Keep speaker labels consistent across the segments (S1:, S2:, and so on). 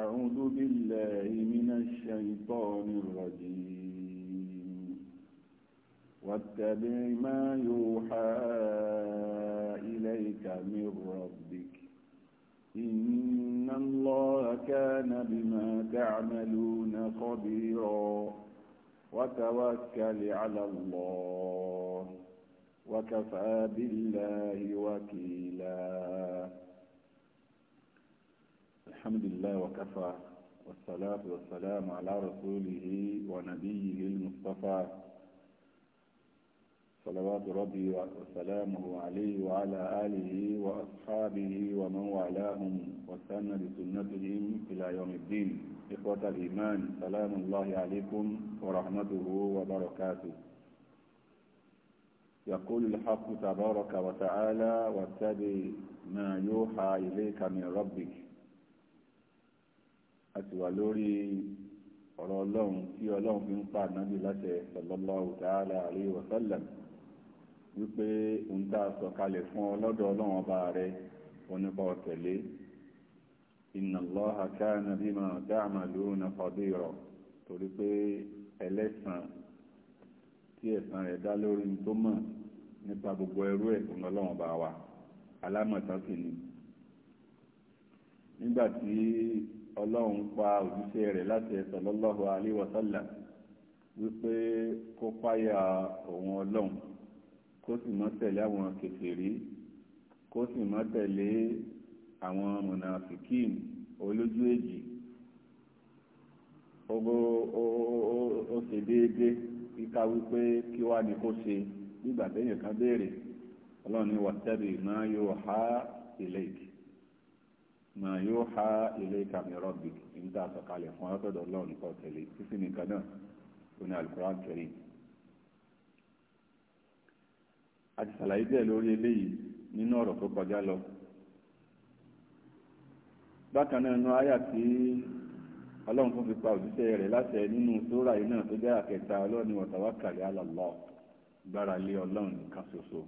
S1: أعوذ بالله من الشيطان الرجيم واتبع ما يوحى إليك من ربك إن الله كان بما تعملون خبيرا وتوكل على الله وكفى بالله وكيلاً الحمد لله وكفى والصلاة والسلام على رسوله ونبيه المصطفى صلوات ربي وسلامه عليه وعلى آله وأصحابه ومن والاهم وسن بسنتهم إلى يوم الدين إخوة الإيمان سلام الله عليكم ورحمته وبركاته يقول الحق تبارك وتعالى واتبع ما يوحى إليك من ربك a sì wà lórí ọ̀rọ̀ ọlọ́run tí ọlọ́run fi ń pa ànábì láṣẹ sallallahu ta'ala alayhi wa sallam wípé òun tá a sọ kalẹ̀ fún ọ lọ́dọ̀ ọlọ́run ọba rẹ onípa ọ̀tẹ̀lé inna Allaha kana bima ta'maluna qadira torí pé ẹlẹ́sàn tí ẹ̀sàn rẹ̀ dá lórí tó mọ̀ nípa gbogbo ẹrú ẹ̀ òun ọlọ́run ọba wa alámọ̀tán sì ni nígbà tí ọlọ́run pa òjíṣẹ́ rẹ̀ láti ẹ̀sọ̀ sallallahu alaihi wa sallam wípé kó páyà òun ọlọ́run kó sì má tẹ̀lé àwọn kèfèrí kó sì má tẹ̀lé àwọn mùnàfíkìn olójú èjì ó ṣe déédé kíká wípé kí wá ni kó ṣe nígbà téèyàn kan béèrè ọlọ́run ni wàtẹ́bì máa yóò há ilé ìkí mà yóò ha ilé kàmíràn bì ní tá a sọ̀kalẹ̀ fún ọlọ́dọ̀ ọlọ́run nìkan tẹ̀lé sísìn nìkan náà ó ní alukuran kẹrin a ti ṣàlàyé díẹ̀ lórí eléyìí nínú ọ̀rọ̀ tó kọjá lọ bákan náà nínú àyà tí ọlọ́run fún fi pa òjíṣẹ́ rẹ̀ láṣẹ nínú sóra yìí náà tó jẹ́ àkẹta ọlọ́run ní watawakkal ala Allah gbára lé ọlọ́run nìkan ṣoṣo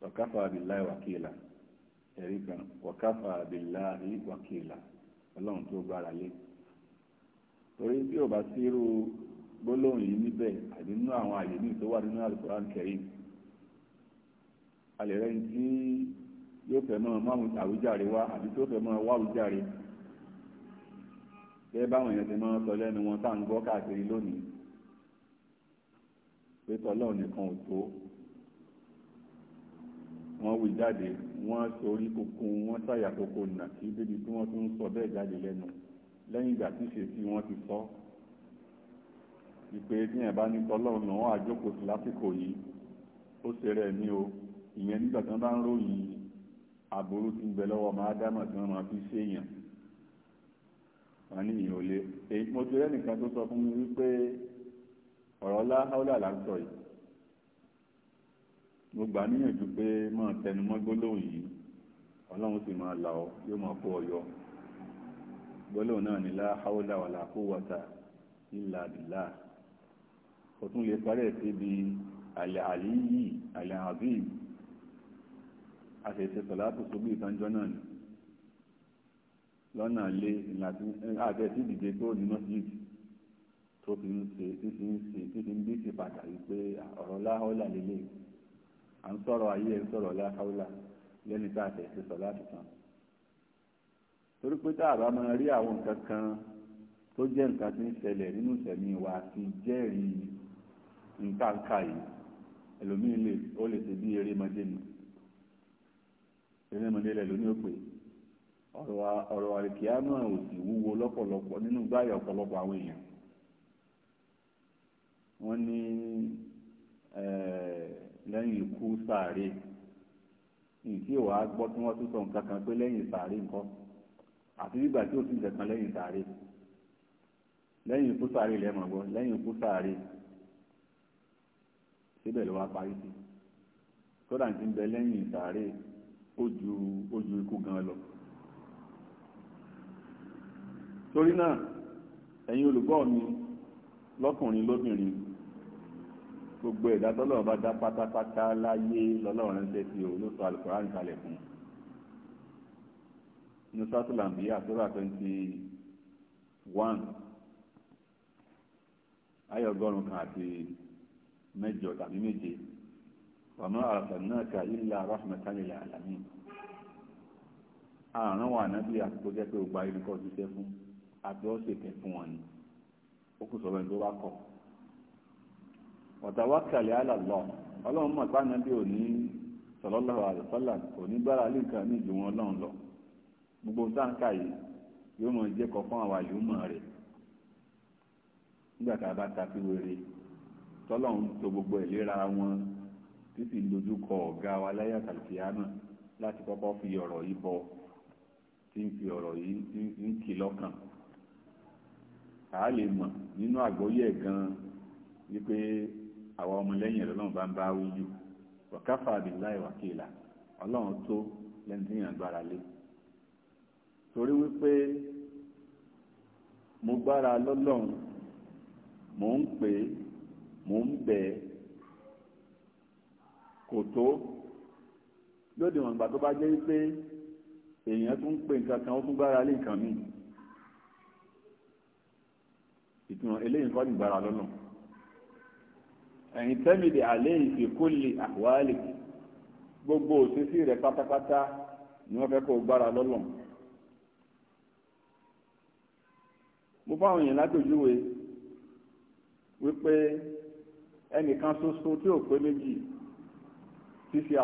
S1: wa kafa billahi ẹ̀rí kan wọ̀káfà abiláhi wàkìlà ọlọ́run tó gbára lé torí bí ò bá sírú gbólóhùn yìí níbẹ̀ àbí nínú àwọn àyè míì tó wà nínú alukoran kẹrin alẹ́ rẹ̀ ń tí yóò fẹ́ mọ́ máwùn àwùjáre wá àbí tó fẹ́ mọ́ wáwùjáre bẹ́ẹ̀ báwọn èèyàn ti máa ń sọ lẹ́nu wọn tá à ń gbọ́ káàkiri lónìí pé tọ́lọ́run nìkan ò tó wọ́n wí jáde wọ́n torí kókó wọ́n sáyà kókó nà kí débi tí wọ́n tún ń sọ bẹ́ẹ̀ jáde lẹ́nu lẹ́yìn ìgbà tí ṣe tí wọ́n ti sọ ìpè tí yẹn bá ní tọ́lọ́run náà àjókòó sí lásìkò yìí ó ṣe rẹ̀ ní o ìyẹn nígbà tí wọ́n bá ń ròyìn aburú tí ń bẹ lọ́wọ́ ọmọ ádámà tí wọ́n máa fi ṣèyàn wọ́n ní ìyẹn ò lé mo ti rẹ́ nìkan tó sọ fún mi wípé ọ̀rọ̀ láhàólà là yìí mo gbà níyànjú pé máa tẹnu mọ́ gbólóhùn yìí ọlọ́run sì máa là ọ́ yóò máa kó ọ yọ gbólóhùn náà ní la hawla wala quwwata illa billah o tún lè parẹ́ síbi àlẹ́ àlíyí àlẹ́ àbíyí a sì ṣe sọ̀látò sóbì ìtànjọ́ náà ni lọ́nà lé àbẹ̀ tí dìde tó ní masjid tó fi ń ṣe tí ń ṣe tí ń bí sí pàtàkì pé ọ̀rọ̀ láhọ́là lélẹ́yìí à ń sọ̀rọ̀ ayé ẹ̀ ń sọ̀rọ̀ láháúlà lẹ́ni tá a fẹ́ ṣe sọ láti tán torí pé tá a bá máa rí àwọn nǹkan kan tó jẹ́ nǹkan tí ń ṣẹlẹ̀ nínú ìṣẹ̀mí wa ti jẹ́rìí nǹkan ká yìí ẹlòmíín lè ó lè ṣe bí erémọdé nù erémọdé lẹ́lòmíín ó pè ọ̀rọ̀ àríkíá náà ò sì wúwo lọ́pọ̀lọpọ̀ nínú gbáyà ọ̀pọ̀lọpọ̀ àwọn èèyàn wọ́n ní lẹ́yìn ikú sàárè nǹkí ìwà gbọ́ tí wọ́n tún sọ nǹkan kan pé lẹ́yìn sàárè ńkọ́ àti nígbà tí ó sì nǹkan kan lẹ́yìn sàárè lẹ́yìn ikú sàárè lẹ́mọ̀ gbọ́ lẹ́yìn ikú sàárè síbẹ̀ ló wá parí sí kódà ti ń bẹ lẹ́yìn sàárè ó ju ó ju ikú gan lọ torí náà ẹ̀yin olùgbọ́ mi lọ́kùnrin lóbìnrin gbogbo ẹ̀dá tọ́lọ́run bá dá pátápátá láyé lọ́lọ́run ṣe ti òun ló sọ alukoran kalẹ̀ fún inú sátúlà ń bí àtúrà twenty one ayé ọgọ́rùn-ún kan àti mẹ́jọ tàbí méje wàmú arsalnaka illa rahmatan lil alamin àrùn wà nábì àkójẹ́ pé gbogbo ayélujára ṣiṣẹ́ fún àti ọ̀sẹ̀ kẹ̀ fún wọn ni ó kù sọ̀rọ̀ ẹni tó bá kọ̀. watawakkal ala ọlọ́run mọ̀ pàánà bí òní sallallahu alaihi òní gbára lè ní ìjùwọ̀n ọlọ́run lọ gbogbo táǹkà yìí yóò mọ̀ jẹ́ fún àwa yìí mọ̀ rẹ̀ nígbà tá a bá ta gbogbo ìlera wọn títí dojú kọ ọ̀gá wa láyà láti kọ́kọ́ fi ọ̀rọ̀ yìí bọ tí ń fi ọ̀rọ̀ yìí ń kì lọ́kàn lè mọ̀ nínú gan àwọn ọmọlẹ́yìn rẹ̀ lọ́nà bá ń bá wí jù wọ̀káfà àbíláì wàkìlà ọlọ́run tó lẹ́ni tí yàn gbára lé torí wípé mo gbára lọ́lọ́run mò ń pè é mò ń bẹ̀ ẹ́ kò tó lóde wọn gbà tó bá jẹ́ wípé èèyàn tún ń pè nǹkan kan ó tún gbára lé nǹkan míì ìtumọ̀ eléyìí kọ́ ní gbára lọ́lọ́run. ẹ̀yìn tẹ́mìlì àlẹ́ ìfikúnlé àwálì gbogbo osisi rẹ̀ pátápátá ni wọ́n fẹ́ kó gbára lọ́lọ́n. mo fáwọn èèyàn lágbèjúwe wípé ẹnìkan ṣoṣo tí ò pé méjì fífi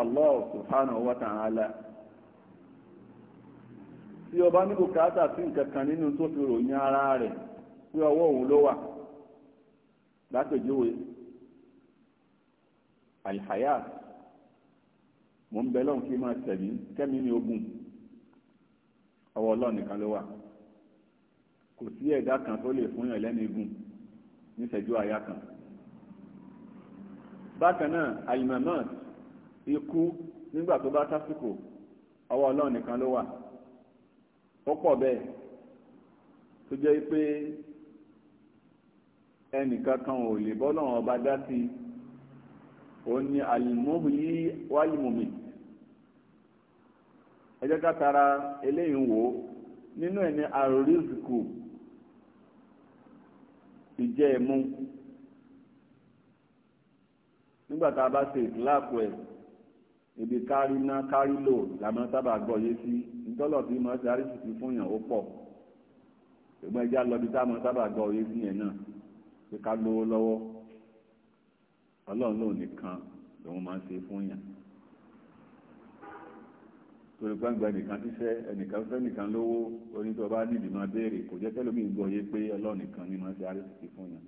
S1: tí ọba ní bùkátà sí nǹkan kan nínú tó fi ròyìn ara rẹ̀ pé ọwọ́ òun ló wà alihaya mò ń bẹ lọ́hùn kí n máa tẹ̀lé kẹ́mi ní ogun ọwọ́ ọlọ́run nìkan ló wà kò sí ẹ̀dá kan tó lè fún yàn lẹ́nu igun níṣẹ́jú àyà kan bákan náà alimamat ikú nígbà tó bá tásìkò ọwọ́ ọlọ́run nìkan ló wà ó pọ̀ bẹ́ẹ̀ tó jẹ́ pé ẹnìkan kan ò lè bọ́ lọ́wọ́ ọba dá sí i òun ni alimohuli wáyimomi ẹ ká tara eléyìí wò nínú ẹ̀ ní àrísìkù ìjẹ́ nígbà tá a bá ṣe ìtìláàpù ẹ̀ ibi kárí ná kárí lò làmọ́ sábà gbọ́ yé sí nítọ́lọ̀ tí mo ṣe àrísìkù fún yàn ó pọ̀ ṣùgbọ́n ẹja lọ bí táwọn sábà gbọ́ yé sí yẹn náà pé ká lówó lọ́wọ́. ọlọ́run lóun nìkan lòun máa ń ṣe fún yàn torí gbangba nìkan ṣiṣẹ́ ẹnìkan fẹ́ nìkan lówó onítọ̀ bá nídìí máa béèrè kò jẹ́ tẹ́lómi gbọ́ yé pé ọlọ́run nìkan ni máa ń ṣe àrísìkí fún yàn.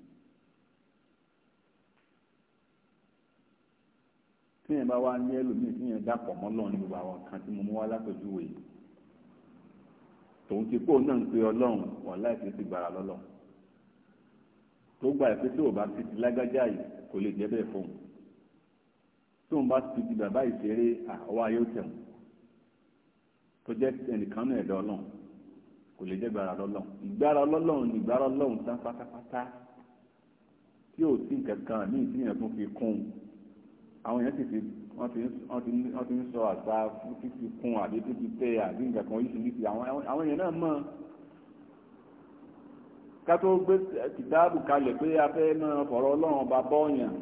S1: tíyẹn bá wá ní ẹlòmíì tíyẹn dàpọ̀ mọ́ lọ́run ní gbogbo àwọn kan tí mo mú wá lápèjúwe tòun ti kó náà ń pe ọlọ́run wọ̀ láì ti gbàrà lọ́lọ́run tó gba ẹ̀ pé o bá ti ti lágbájá yìí kò lè jẹ́ bẹ́ẹ̀ fún un tó o bá ti di bàbá ìṣeré àwa yóò tẹ̀ wọ́n tó jẹ́ ẹnìkan náà ẹ̀dọ́ ọlọ́run kò lè jẹ́ gbàrà lọ́lọ́run ìgbàrà ọlọ́run ni ìgbàrà ọlọ́run tán pátápátá tí ò sí nǹkan kan ní ìsìnyẹn tó fi kún un àwọn èèyàn sì fi wọ́n ti ń sọ àṣà fífi kún àbí fífi tẹ́ àbí nǹkan kan oríṣiríṣi àwọn èèyàn náà mọ̀ ọ́ ká tó gbé kìtáàbù kalẹ̀ pé a fẹ́ máa fọ̀rọ̀ ọlọ́run ọba bọ́ọ̀yàn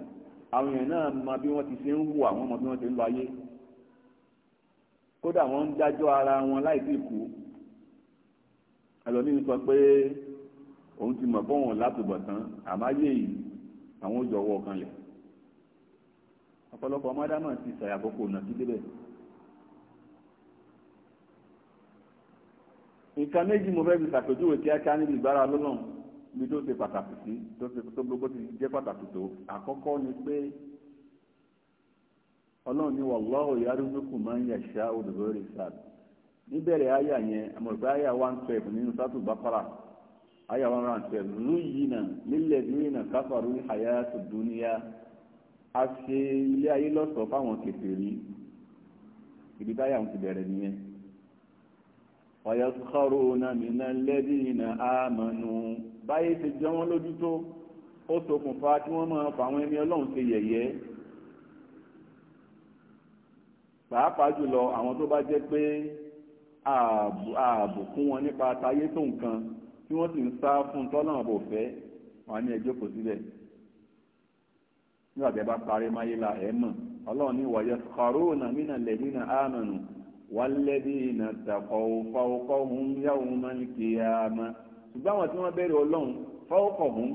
S1: àwọn èèyàn náà mọ bí wọ́n ti ṣe ń hùwà wọ́n mọ bí wọ́n ti ń lọ ayé kódà wọ́n ń dájọ́ ara wọn láì sí ìkú ẹlòmíín sọ pé òun ti mọ̀ bọ́wọ̀n látòbọ̀ tán àmáyé yìí àwọn ò jọ̀wọ́ kan lẹ̀ ọ̀pọ̀lọpọ̀ ọmọdé náà ti ṣàyàkókò náà sí débẹ̀ nǹkan méjì mo fẹ́ fi ṣàpèjúwe kíákíá níbi ìbára lọ́nà bí tó ṣe pàtàkì sí tó ṣe tó gbogbo ti jẹ́ pàtàkì tó àkọ́kọ́ ni pé ọlọ́run ní wallahu yarzuqu man yasha'u bi ghairi hisab níbẹ̀rẹ̀ àyà yẹn àmọ̀gbá àyà one twelve nínú sátù bákàrà àyà one round twelve zuyyina lilladhina kafaru hayatu dunya a ṣe ilé ayé lọ́sọ̀ọ́ fáwọn kèfèrí ibi táyà ń ti bẹ̀rẹ̀ nìyẹn ọ̀yọ̀kọ́rọ̀nà mìíràn lẹ́bí ìnà àmànù báyé ti jẹ wọ́n lójú tó ó ṣokùnfà tí wọ́n máa fà àwọn ẹni ọlọ́run ṣe yẹ̀yẹ́ pàápàá jùlọ àwọn tó bá jẹ́ pé ààbò fún wọn nípa tayé tó nǹkan tí wọ́n sì ń sá fún tọ́lọ́run bò fẹ́ wọn ní ẹjọ́ kò síbẹ̀ nígbà bá parí máyé la ẹ̀ mọ̀ ọlọ́run ní wọ̀yọ̀kọ́rọ̀nà mìíràn lẹ́bí ìnà àmànù والذين اتقوا فوقهم يوم القيامة ṣùgbọ́n àwọn tí wọ́n bẹ̀rù ọlọ́run fawqahum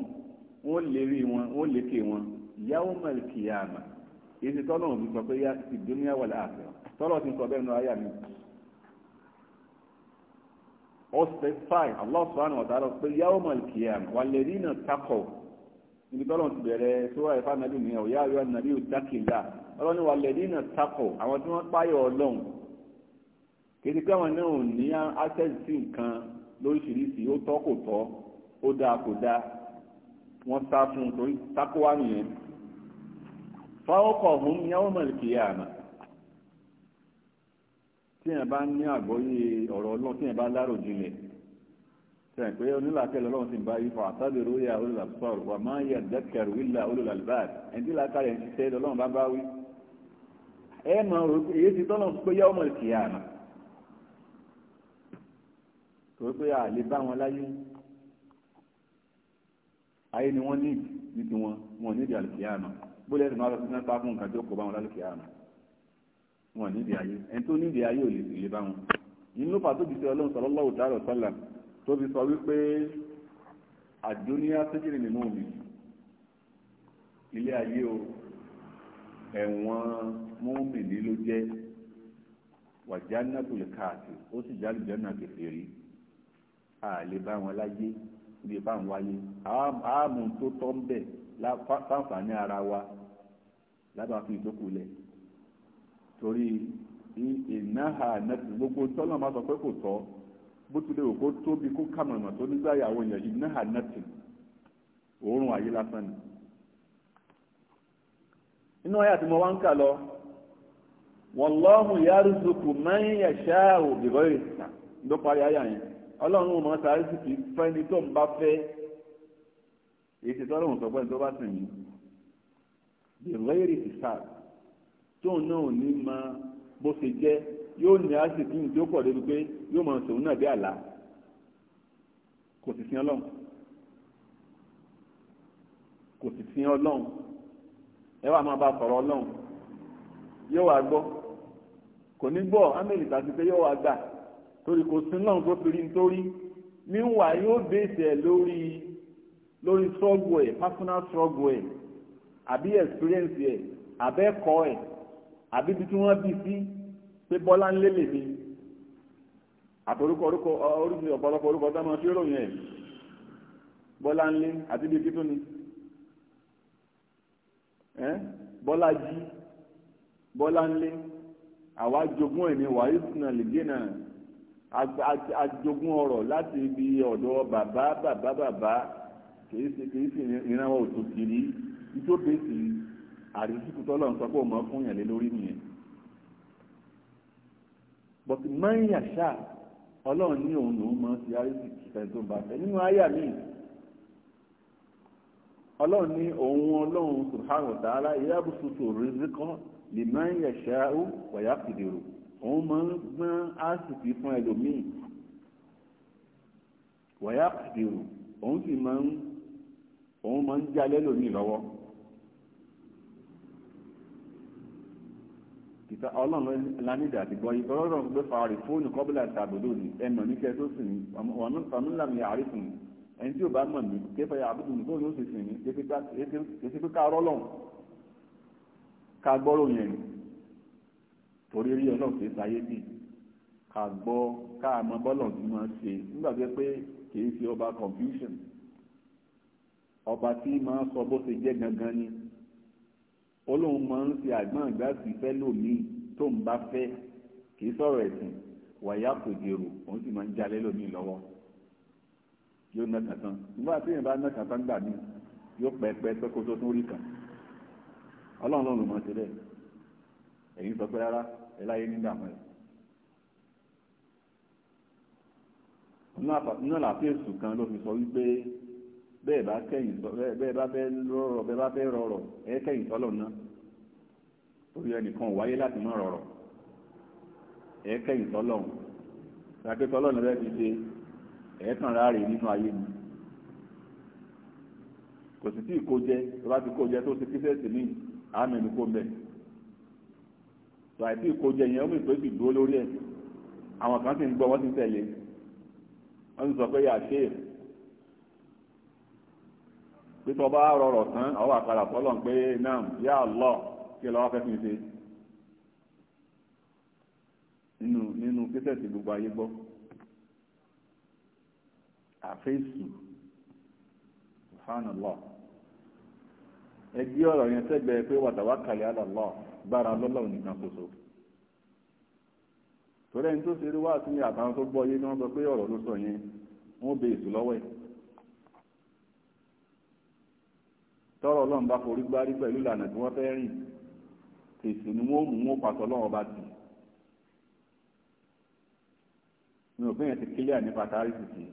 S1: wọ́n lérí wọn wọ́n lékè wọn yawm al-qiyama èyí tọ́lọ́run fi sọ pé yá ti dunya wal akhirah tọ́lọ́ ti sọ bẹ́ẹ̀ nù ayà mi. ó specify Allah subhanahu wa ta'ala pé yawm al-qiyama walladhina taqaw ibi tọ́lọ́run ti bẹ̀rẹ̀ sọ́wọ́ ẹ̀fà kéde pé àwọn náà ò ní access sí nǹkan lóríṣiríṣi ó tọ́ kò tọ́ ó dáa kò dáa wọ́n sá fún un torí sákó wá nìyẹn fáwọn kọ̀ ọ̀hún ní àwọn mọ̀lẹ́kì yà àmà tí yẹn bá ní àgbọ́yé ọ̀rọ̀ ọlọ́run tí yẹn bá lárò jinlẹ̀ sẹ́yìn pé onílàákẹ́ lọ́wọ́ sì ń bá ifọ̀ àtàbẹ̀rẹ̀ ó yà olùlàbùsọ̀rọ̀ wà máa yẹ dẹ́kẹ̀rù ìlà olùlàlùbáàd ẹ̀ńtí làákàrẹ̀ ń ṣiṣẹ́ lọ́wọ́ bá bá wí. ẹ èyí ti tọ́nà pé yá ọmọ ìkìyà àmà torí pé a lè bá wọn láyé ayé ni wọ́n níbi ní tiwọn wọn níbi àlùkìyàmà bóyá ẹ̀sìn máa lọ sí náà bá fún nǹkan tí ó kó bá wọn lálùkìyàmà wọn níbi ayé ẹni tó níbi ayé ò lè sì lè bá wọn yìí ló fà tó fi ṣe ọlọ́run sallallahu ta'ala wa sallam sọ wípé àdúnyá séjìrì nínú mi ilé ayé o ẹ̀wọ̀n mọ́mìnì ló káàkiri ó sì jálùjánà kẹfẹ́ rí a lè bá wọn láyé ibi bá wọn wáyé àmú tó tọ́ ń bẹ̀ fáǹfààní ara wa lábàá fi ìdókòó lẹ̀ torí ìnáhà nẹ́tì gbogbo tọ́lọ́ máa sọ pé kò tọ́ bó tilẹ̀ òkó tóbi kó kàmọ̀nà tó nígbà ìyàwó yẹn ìnáhà nẹ́tì òórùn ayé lásán ni inú ayé àti mo wá ń kà lọ wallahu yarzuqu man yasha'u bìbọ́ ìrìsà ló parí ayé yẹn ọlọ́run mọ̀ sáré sì kì í fẹ́ni tó ń bá fẹ́ èyí ti tọ́lọ́run sọ pé ní tó bá sìn yín bẹ̀rẹ̀ ti sá tóun náà ò ní mọ bó ṣe jẹ́ yóò ní àṣìkí ní tí ó pọ̀ débi pé yóò mọ̀ sòun náà bí àlá kò sì sin ọlọ́run kò sì sin ọlọ́run ẹ wà máa bá sọ̀rọ̀ ọlọ́run yóò wá gbọ́ kò ní gbọ́ amẹ́lì tàbí pé yóò wá gbà torí kò sí náà tó fi rí nítorí níwà yóò bèsè lórí lórí struggle ẹ̀ personal struggle ẹ̀ àbí experience ẹ̀ àbẹ́ẹ̀kọ́ ẹ̀ àbí ibi tí wọ́n bí sí pé bọ́lá ń lélè mi àtòrúkọ orúkọ oríṣi ọ̀pọ̀lọpọ̀ orúkọ tá máa fi ròyìn ẹ̀ bọ́lá ńlé àti bíi títún ni bọ́lá jí bọ́lá ńlé àwa jogún ẹ̀ ní wàhálà ìsúná lè dé náà àjogún ọrọ̀ láti ibi ọ̀dọ̀ bàbá bàbá bàbá kìí ṣe kìí ṣe ìran wọn ò tó kiri nítorí sí àrísìkú tọ́lọ̀ ń sọ pé òun fún yàn lé lórí nìyẹn but man yasha ọlọ́run ní òun lòún mọ̀ sí àrísìkí fẹ́ tó bá fẹ́ nínú àyà míì ọlọ́run ní òun ọlọ́run subhanahu wa ta'ala ìyábùsùsù rizqan liman yasha'u wa yaqdiru òun máa ń gbọ́n áàsìkì fún ẹlòmíì wọ̀yá pàdérò òun sì máa ń òun máa ń jalẹ́ lòmíì lọ́wọ́ ìta ọlọ́run lánìdà àti gbọ́ yìí tọ́lọ́rọ̀ ń gbé fàárì fóònù kọ́bílà tàbílò ní ẹ̀mọ̀ ní kẹ́ tó sìn ní ọ̀nà ìfàmílà mi àárí fún ẹni tí ò bá mọ̀ mí kéfà yà àbúkù nìkó ló sì sìn ní kéfì ká rọ́lọ́run ká gbọ́rò yẹn torí rí ọlọ́run kì í sáyé bì ká gbọ́ ká mọ bọ́lọ̀ tí máa ṣe nígbà tó pé kì í ọba confusion ọba tí máa sọ bó ṣe jẹ́ gangan ni olóhùn máa ń ṣe àgbọ̀n àgbà sí fẹ́ lòmíì tó ń bá fẹ́ kì í sọ̀rọ̀ ẹ̀sìn wàyà kò dèrò òun sì máa ń jalè lómi lọ́wọ́ yóò ná kàtán nígbà tí èèyàn bá ná kàtán gbà mí yóò pẹ́ẹ́pẹ́ pẹ́kótó tó rí kàn ọlọ́run lọ́run mọ̀ sílẹ̀ èyí sọ pé rárá ẹ̀ láyé nígbà mọ́ ẹ̀. náà làfíìsù kan ló fi sọ wípé bẹ́ẹ̀ bá kẹ́yìn sọ bẹ́ẹ̀ bá fẹ́ rọrọ̀ bẹ́ẹ̀ bá fẹ́ rọrọ̀ ẹ kẹ́yìn sọ́lọ̀ náà torí ẹnìkan ò wáyé láti má rọrọ̀ ẹ kẹ́yìn sọ́lọ̀ ìgbàgbé sọ́lọ̀ náà bẹ́ẹ̀ fi ṣe ẹ̀ẹ́kàn ráre nínú ayé mi kò sì tí ì kó jẹ tó bá ti kó jẹ tó ti kíṣẹ́ẹ̀sì ní àmì ẹni kó mẹ́ẹ̀. tòwáìtì ìkójẹ yẹn ó mú ìpèsè dúró lórí ẹ̀ àwọn kan sì ń gbọ́ wọ́n sì tẹ̀lé wọ́n sì sọ pé yà ṣe pé tó bá rọrọ̀ tán àwọn àkàrà fọlọ̀ pé náà yà lọ kí lọ́wọ́ fẹ́ fi ṣe nínú nínú gbogbo ayé gbọ́ àfẹ́sù ẹgbẹ ọ̀rọ̀ yẹn sẹgbẹ pé wàtàwá kàlẹ àlàlọ gbára lọ́lọ́run nìkan ṣoṣo torí ẹni tó ṣe rí wáàsí ní àtàwọn tó gbọ́ yé ni wọ́n sọ pé ọ̀rọ̀ ló sọ yẹn wọ́n bẹ èsù lọ́wọ́ ẹ̀ tọrọ Ọlọ́run bá forí gbárí pẹ̀lú ìlànà tí wọ́n fẹ́ rìn tèsì ni wọ́n mú wọn pàṣọ Ọlọ́run bá tì mi ò bẹ́yẹn ti kílíà nípa tárísì sí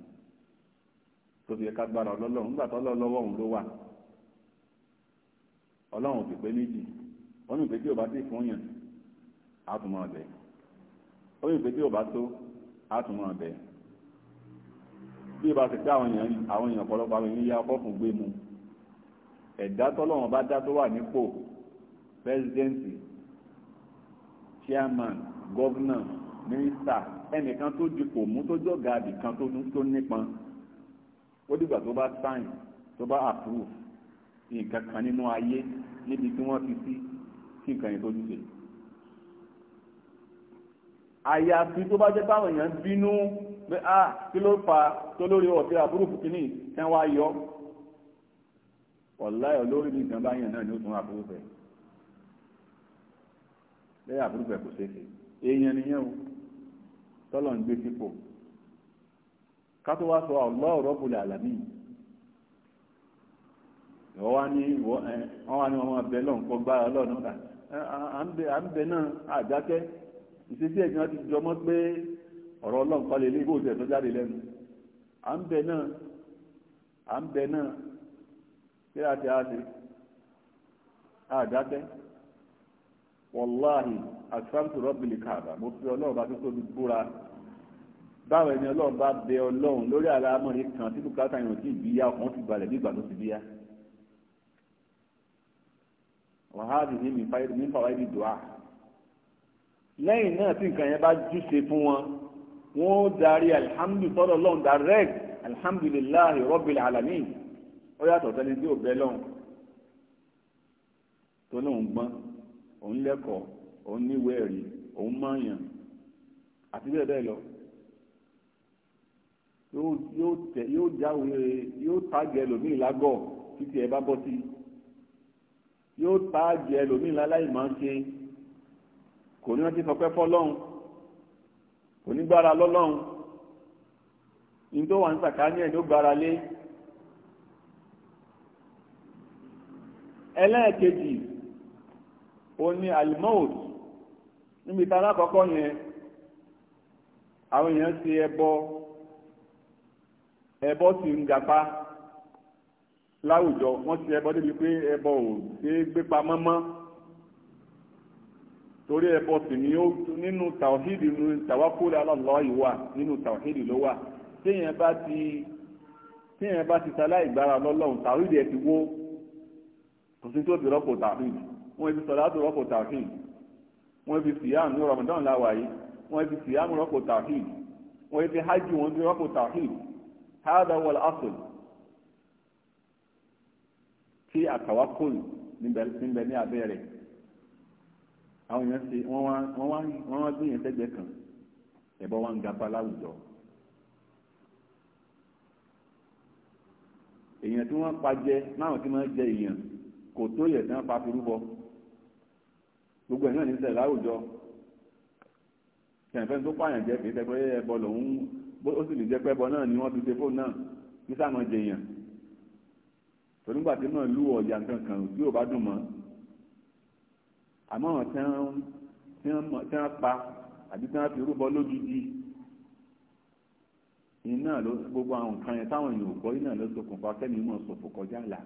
S1: tó fi yẹ gbára ọlọ́lọ́run nígbà tọ́lọ́ lọ́wọ́ ọlọ́run ti pé méjì ó ní pé tí ò bá ti fún yàn á tún máa bẹ̀ ó ní pé tí ò bá tó á tún máa bẹ̀ bí ó bá ti pé àwọn èèyàn àwọn èèyàn ọ̀pọ̀lọpọ̀ àwọn èèyàn ya ọkọ̀ fún gbé mu ẹ̀dá tọ́lọ́run bá dá tó wà nípò pẹ́sidẹ́ǹtì chairman governor minister ẹnìkan tó dipò mú tó jọ̀gá àbìkan tó nípọn ó dìgbà tó bá sign tó bá approve nǹkan kan nínú ayé níbi tí wọ́n fi sí kí nǹkan yẹn tó ti ṣe. àyàfi tó bá jẹ́ báwọn èèyàn bínú pé a kí ló fa tó lórí ọ̀sẹ̀ àbúrúkú kínní ẹ̀ wá yọ ọ̀láyọ̀ lórí ní ìtàn báyẹn náà ni ó tún àbúrúfẹ́ lẹ́yìn àbúrúfẹ́ kò ṣeé ṣe èèyàn nìyẹn o tọ́lọ̀ ń gbé sípò ká tó wá sọ Allah Rabbul Alamin wọ́n wá ní wọ́n wá ní ọmọ abẹ lọ́n kọ́ gbára lọ́nà ọ̀dà à ń bẹ náà àdákẹ́ ìṣesí ẹ̀gbọ́n ti jọmọ́ pé ọ̀rọ̀ ọlọ́run kọ́ lè lé ibò tẹ̀ tó jáde lẹ́nu à ń bẹ náà à ń bẹ náà kí láti á ṣe àdákẹ́ wọláhì àtúrántò rọ́bìlì kààbà mo fi ọlọ́run bá tó tóbi búra báwọn ẹni ọlọ́run bá bẹ ọlọ́run lórí àlámọ̀rí kan tí bùkátà yàn tí ìbíyá ọkàn ti balẹ̀ bí tó ti bíyá wàhálì ní mìfàwáìdì dùá lẹ́yìn náà tí nǹkan yẹn bá júṣe fún wọn wọ́n darí alihamdu sọ́dọ̀ lọ́n direct alihamdulilayi rọ́bìl alami ó yàtọ̀ sẹ́ni tí ò bẹ́ lọ́n tó lóun gbọ́n òun lẹ́kọ̀ọ́ òun níwèé ẹ̀rí òun mọ̀ọ́yàn àti bẹ́ẹ̀ bẹ́ẹ̀ lọ yóò yóò tẹ yóò jáwé yóò tàgẹ́ lòmíì lágọ̀ọ́ títí ẹ bá bọ́ sí i yóò táàgì ẹlòmíì láláì máa ń ṣe kò ní wọ́n ti sọpẹ́ fọ́lọ́hún kò ní gbára lọ́lọ́hún ní tó wà ń sàkáání ẹ̀ ló gbára lé ẹlẹ́ẹ̀kejì ó ní alimout níbi tá alákọ̀ọ́kọ́ yẹn àwọn èèyàn ṣe ẹbọ ẹbọ sì ń gapá láwùjọ wọ́n ti ẹbọ débi pé ẹbọ ò ṣe é gbé pamọ́ mọ́ torí ẹbọ sì ni ó nínú tàwọ́hídì nínú tàwákúrẹ́ aláàlọ́ ìwà nínú tàwọ́hídì ló wà téèyàn bá ti téèyàn bá ti sáláì gbára lọ́lọ́run tàwídì ẹ ti wó kò sí tó ti rọ́pò tàwídì wọ́n fi sọ̀dá tó rọ́pò tàwídì wọ́n fi síyáàmù rọ̀mọ̀dán láwà yìí wọ́n fi síyáàmù rọ́pò tàwídì wọ́n fi hajj wọ́n fi rọ́pò tàwídì hádà wal asl tí àkàwá kòl níbẹ̀ ní abẹ́ rẹ̀ àwọn èèyàn ṣe wọ́n wá gbé yẹn sẹ́gbẹ̀ẹ́ kan ẹ̀bọ wa ń gapá láwùjọ. èèyàn tí wọ́n pa jẹ láwọn tí wọ́n jẹ èèyàn kò tó yẹ tí wọ́n pa fi rúbọ gbogbo ẹ̀ náà ní ṣẹlẹ̀ láwùjọ kẹ̀ǹfẹ́ tó pààyàn jẹ kì í ṣe pé ẹbọ lòun ó sì lè jẹ pé ẹbọ náà ni wọ́n fi ṣe fóònù náà kí sáà máa jẹ èèyàn tonígbà tí náà lù ọ̀yà kankan tí ò bá dùn mọ́ àmọ́ àwọn tí wọ́n pa àbí tí wọ́n fi rúbọ lójijì iná ló gbogbo àwọn nǹkan yẹn táwọn èèyàn ò gbọ́ iná ló ṣokùnfà kẹ́mi mọ̀ ṣòfò kọjá là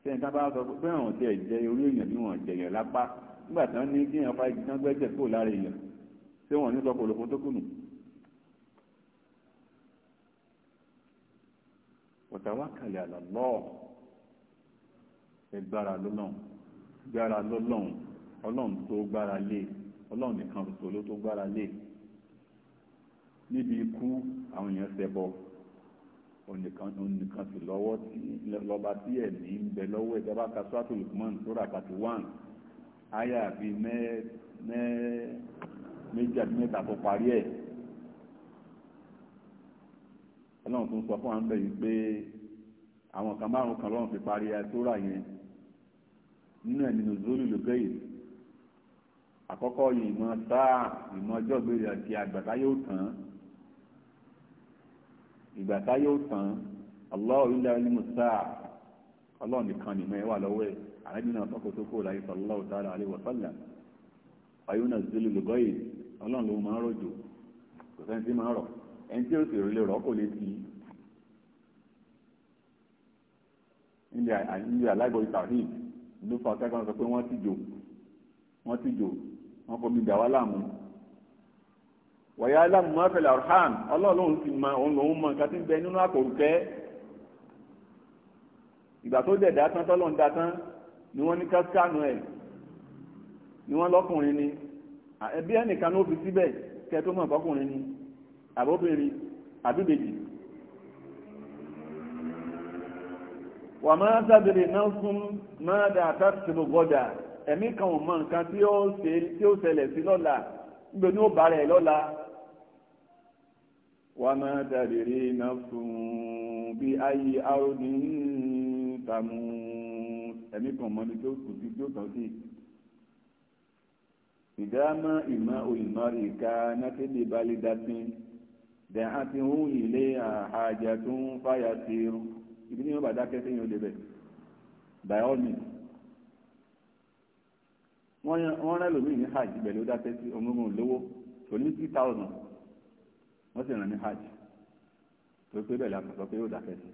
S1: sẹ́yìn tá a bá sọ pé àwọn tí ẹ̀ jẹ orí èèyàn bí wọ́n jẹ̀yàn lápá nígbà tí wọ́n ní kí èèyàn fa igi tán gbẹ́jẹ̀ kó lára èèyàn ṣé wọ́n ní sọ pòlòpò tó kùnù. watawakkal ala Allah ẹgbára lọ́lọ́run gbára lọ́lọ́run ọlọ́run tó gbára lé ọlọ́run nìkan ṣoṣo ló tó gbára lé níbi ikú àwọn èèyàn ṣẹbọ onìkan onìkan sì lọ́wọ́ tí lọ́ba tí ẹ̀mí ń bẹ lọ́wọ́ ẹ̀ dábàá ka sọ́tò lukman sura thirty one aya bíi mẹ́ẹ́ mẹ́ẹ́ méjì àti tó parí ẹ̀ ọlọ́run tó ń sọ fún wa ń bẹ̀ yìí pé àwọn kan márùn kan lọ́run fi parí àtúrà yẹn nínú ẹ̀ nínú zoli lùgẹ́yì àkọ́kọ́ yìí ìmọ̀ sáà ìmọ̀ ọjọ́ gbèrè àti àgbàtà yóò tán ìgbàtà yóò tán ọlọ́run ilé ayé mu sáà ọlọ́run nìkan nìmọ̀ ẹ̀ wà lọ́wọ́ ẹ̀ àrẹ́bí náà sọ́kò tó kò láyé sallallahu ta'ala alaihi wa sallam ayé náà zoli lùgẹ́yì ọlọ́run ló máa ń rọ̀jò kò sẹ́ni tí máa ń rọ̀ ẹni tí ó sì rí lè rọ́ kò lè ti ilẹ̀ aláìbọ̀ ìtàhìn ló fa akẹ́kọ̀ọ́ sọ pé wọ́n ti jò wọ́n ti jò wọ́n fomi dà wá láàmú wàyà aláàmú máa fẹlẹ̀ arham ọlọ́ọ̀lọ́hún sì máa òun lòún mọ nǹkan tí ń bẹ nínú àkòrùkẹ́ ìgbà tó dẹ̀ dá tán tọ́lọ́hún dá tán ni wọ́n ní káskánù ẹ̀ ni wọ́n lọ́kùnrin ni ẹbí ẹnìkan ló fi síbẹ̀ kẹ́ tó mọ̀ ọ̀kọ́kùnrin ni àbóbìnrin àbí méjì wà máa sábẹ̀rẹ̀ náà fún máa dà àtàkùnmù gọ́dà ẹ̀mí kan ò mọ nǹkan tí ó ṣẹlẹ̀ sí lọ́la nígbè ní ó bá rẹ̀ lọ́la wà máa dàbẹ̀rẹ̀ náà fún bí ayé àrùn tàmù ẹ̀mí kan mọ́ni tí ó kù sí tí ó tán sí ìdámá ìmọ̀ òyìnbó rẹ̀ náà tẹ́lẹ̀ bá lè dá sí dẹ̀hátihù ilé àhàjẹ̀tún fáyàtìrù ibi ní wọ́n bá dákẹ́ sí yóò débẹ̀ by all means wọ́n rán ẹlòmíì ní hajj bẹ̀ dákẹ́ sí ọmọọmọ lówó kò ní two thousand wọ́n sì rán ní hajj tó pé bẹ́ẹ̀ la sọ pé yóò dákẹ́ sí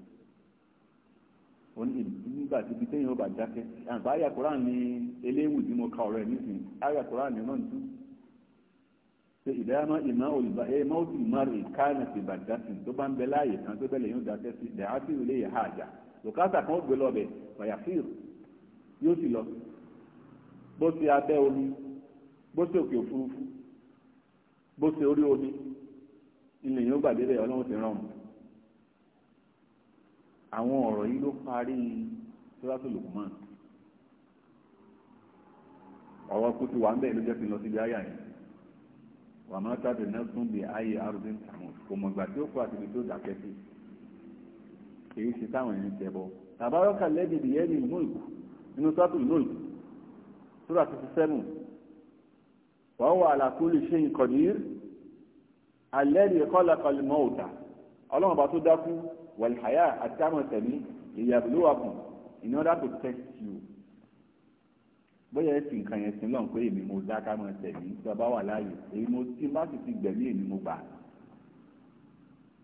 S1: nígbà tí ibi téèyàn bá dákẹ́ àgbáyà ní eléwù tí mo ka ọ̀rọ̀ ẹ̀ nísìnyí ní ṣe ìdáyàmọ́ ìmọ̀ olùbáyé mọ́tò ìmọ̀rìn kánà ti bàdásìn tó bá ń bẹ láàyè kan tó bẹ̀lẹ̀ yóò dáṣẹ́ kan ó gbé lọ bẹ̀ fàyàfíìr yóò sì lo omi bó ṣe oke ofurufu bó ṣe ori omi ti wà má tàbí nẹ́sùn bí ayé arúgbìn tàmù kò mọ̀ ìgbà tí ó kọ́ àti ibi tó dàkẹ́ sí èyí ṣe táwọn ẹ̀yìn tẹ̀ bọ́ tàbárọ́kà lẹ́dí ìdíyẹ́ ní múlùkù nínú sọ́tù múlùkù sura fifty seven wà wà àlàkúlù ṣe ìkọ̀dìr alẹ́dí kọ́lá kọlùmọ́ òtà ọlọ́run bá tó dákú wàlìhàyà àti àmọ̀tẹ̀mí ìyàbùlówàkùn in order to test you bóyá ẹ sì nǹkan yẹn sí lọ́n pé èmi mo dá ká máa tẹ̀mí tí a bá wà láàyè èyí mo tí bá sì ti gbẹ̀mí èmi mo gbà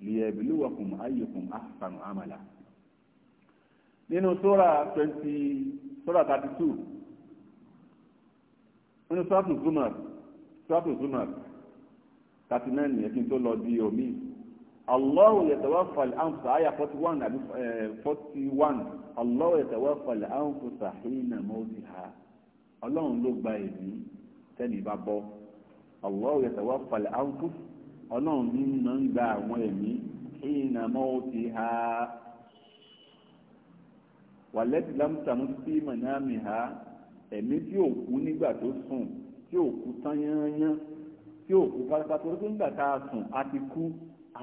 S1: lìyẹ̀ ìbílúwọ̀kùn ayẹ̀kùn ahsanu amala. nínú sóra twenty sóra thirty two nínú sọ́ọ̀tù zumar sọ́ọ̀tù zumar thirty nine yẹn kí n tó lọ di omi allahu yatawaffa al-anfusa aya forty one àbí eh, forty one allahu yatawaffa al-anfusa hina mawtiha ọlọ́run ló gba ẹ̀mí tẹ́ni bá bọ́ Allahu yatawaffa al-anfus ọlọ́run ní máa ń gba àwọn ẹ̀mí hina mawtiha wallati lam tamut fi manamiha ẹ̀mí tí ò kú nígbà tó sùn tí ò kú tán yányán tí ò kú pátápátá tó ń gbà tá a sùn a ti kú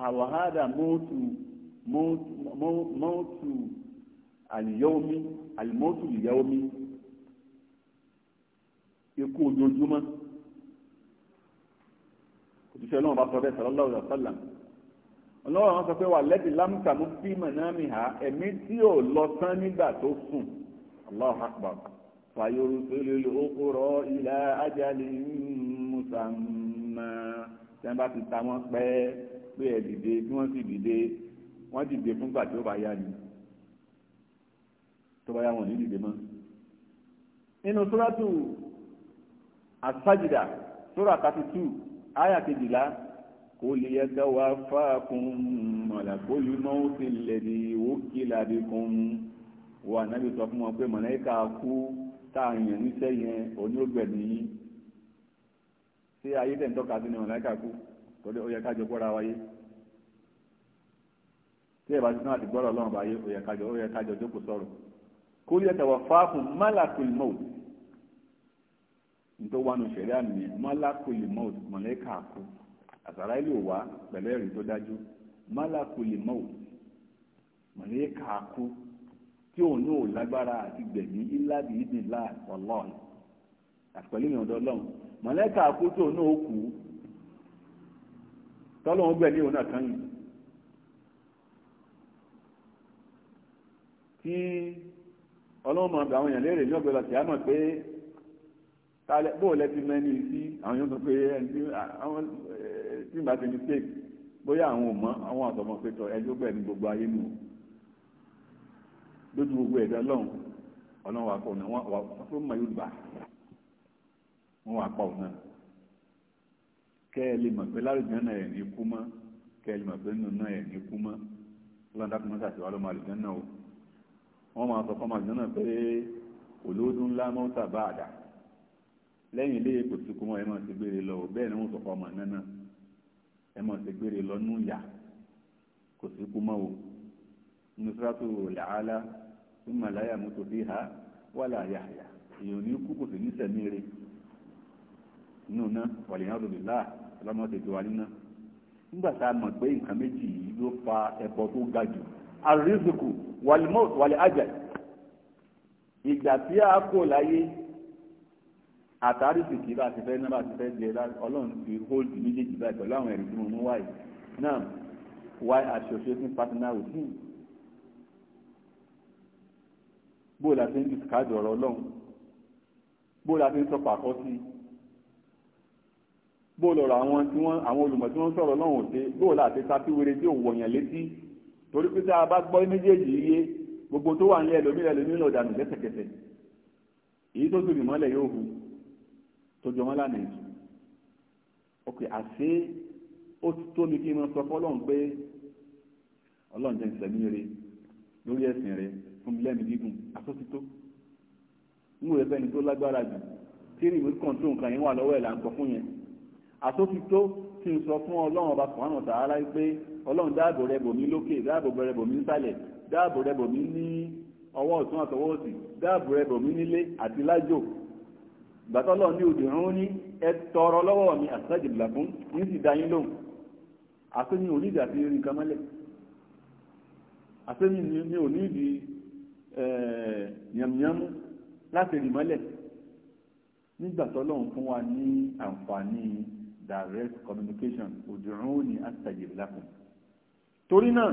S1: àwàhádà mọ́ọ̀tù mọ́ọ̀tù àlìyọ́wọ́mí àlìmọ́ọ̀tù ìyọ́wọ́mí ikú ojoojúmọ́ òjíṣẹ́ ọlọ́run bá sọ bẹ́ẹ̀ sallallahu alaihi wasallam ọlọ́run wọn sọ pé wà lẹ́bi lámùsàmù sí mọ̀nàmì ha ẹ̀mí tí ò lọ tán nígbà tó sùn Allahu akbar fàyọrùsọlẹ̀ òkúrọ̀ ìlà ajáde mùsàmà tí wọ́n bá ti ta wọ́n pẹ́ pé ẹ̀ dìde tí wọ́n sì dìde wọ́n dìde fúngbà tí ó bá yá ni tó bá yá wọn ní dìde mọ́ nínú sọ́ràtù asajida sura thirty two aya kejìlá kul yatawaffakum malakul mawti alladhi wukila bikum wà nábì sọ fún wọn pé mọ̀lẹ́kà kú táàyàn níṣẹ́ yẹn òní ó gbẹ̀mí yín ṣé ayé tẹ̀ ń tọ́ka sí ni mọ̀lẹ́kà kú torí ó yẹ ká jọ gbọ́ra wáyé tí ẹ bá ti sún àti gbọ́rọ̀ ọlọ́run báyé ó yẹ ká jọ jókòó sọ̀rọ̀ kul yatawaffakum malakul mawti nítorí wà nù sẹ̀rí àmì mọ́lákùlì mọ́ọ̀t mọ̀lẹ́kà kú àtàrà ilé tó dájú mọ̀lẹ́kà kú tí òun náà lágbára àti gbẹ̀mí ìlàbí ìdìlá ìrìn ọ̀dọ́ mọ̀lẹ́kà kú tí òun náà kú gbẹ̀mí òun náà tí máa bẹ àwọn èèyàn léèrè ní tálẹ̀ bóòlẹ́ ti mẹ́ni sí àwọn yóò sọ pé àwọn eh, tí n bá ti mistake bóyá àwọn ò mọ àwọn àtọmọ pé tọ ẹjọ́ bẹ́ẹ̀ ni gbogbo ayé nù lójú gbogbo ẹ̀dá lọ́hùn ọlọ́run wà pọ̀ náà wọ́n fún mọ̀ yóò bà wọ́n wà pọ̀ náà kẹ́ ẹ lè mọ̀ pé láròjì náà ẹ̀ ní kú mọ́ kẹ́ ẹ lè mọ̀ pé nínú náà ẹ̀ ní kú mọ́ lọ́dún dákúmọ́ sàṣewá lọ́mọ àlùjọ náà o wọ́n máa sọ fọ́mọ àlùjọ náà pé olódún ńlá mọ́tà bá àdá lẹ́yìn ilé kò sí kúmọ́ lọ bẹ́ẹ̀ ni wọ́n sọ fún ọmọ náà lọ nú yà kò sí o nusratu làálà thumma wala yahya èèyàn ní kú kò sí ní sẹ̀mí rẹ̀ nínú náà wàlẹ̀ yàrá òbí láà fa ẹbọ tó ga jù àrísìkù wàlẹ̀ ìgbà tí àtàrí sìkì bá ti fẹ́ náà bá ti fẹ́ jẹ ọlọ́run ti hold méjèèjì báyìí pẹ̀lú àwọn ẹ̀rí tí mo mú wáyé náà why associating partner with him bó la ti ń discard ọ̀rọ̀ ọlọ́run bó la ti ń sọpọ̀ àkọsí bó lọ̀rọ̀ àwọn tí wọ́n àwọn olùmọ̀ tí wọ́n sọ̀rọ̀ ọlọ́run òde bó la ti sáfíwere tí ò wọ̀nyàn létí torí pé tá a bá gbọ́ méjèèjì yé gbogbo tó wà ní ẹlòmíràn lónìí lọ́dànù lẹ́sẹ̀kẹsẹ̀ èyí tó tún ìmọ́lẹ̀ yóò hu tó jọmọ́ lánàá ètò ok àṣé ó ti tó mi kí n máa sọ fọ́lọ́run pé ọlọ́run jẹ́ ìsẹ̀mí rẹ lórí ẹ̀sìn rẹ fún mi lẹ́mìí gígùn àtúntò ń wò ẹgbẹ́ni tó lágbára jù tí ìwé kọ̀ǹtò nǹkan yẹn wà lọ́wọ́ ẹ̀ là ń sọ fún yẹn àtúntò tí ń sọ fún ọlọ́run ọba sọ̀rọ̀ àwọn tààrà pé ọlọ́run dáàbò rẹ bòmí lókè dáàbò rẹ bòmí nísàlẹ̀ dáàbò rẹ bòmí ní ọwọ́ ọ̀tún àtọwọ́ òsì dáàbò rẹ bòmí nílé àti lájò gbàtọ́lọ̀ ní òdè rún ní ẹ lọ́wọ́ mi àtàjì làkún ní sì dá yín lóhùn àti mi ò ní ìdí àti irin kan mọ́lẹ̀ àti mi ò ní ìdí yàmùyàmù láti rìn mọ́lẹ̀ nígbàtọ́lọ̀ fún wa ní àǹfààní direct communication òdè rún ní àtàjì làkún torí náà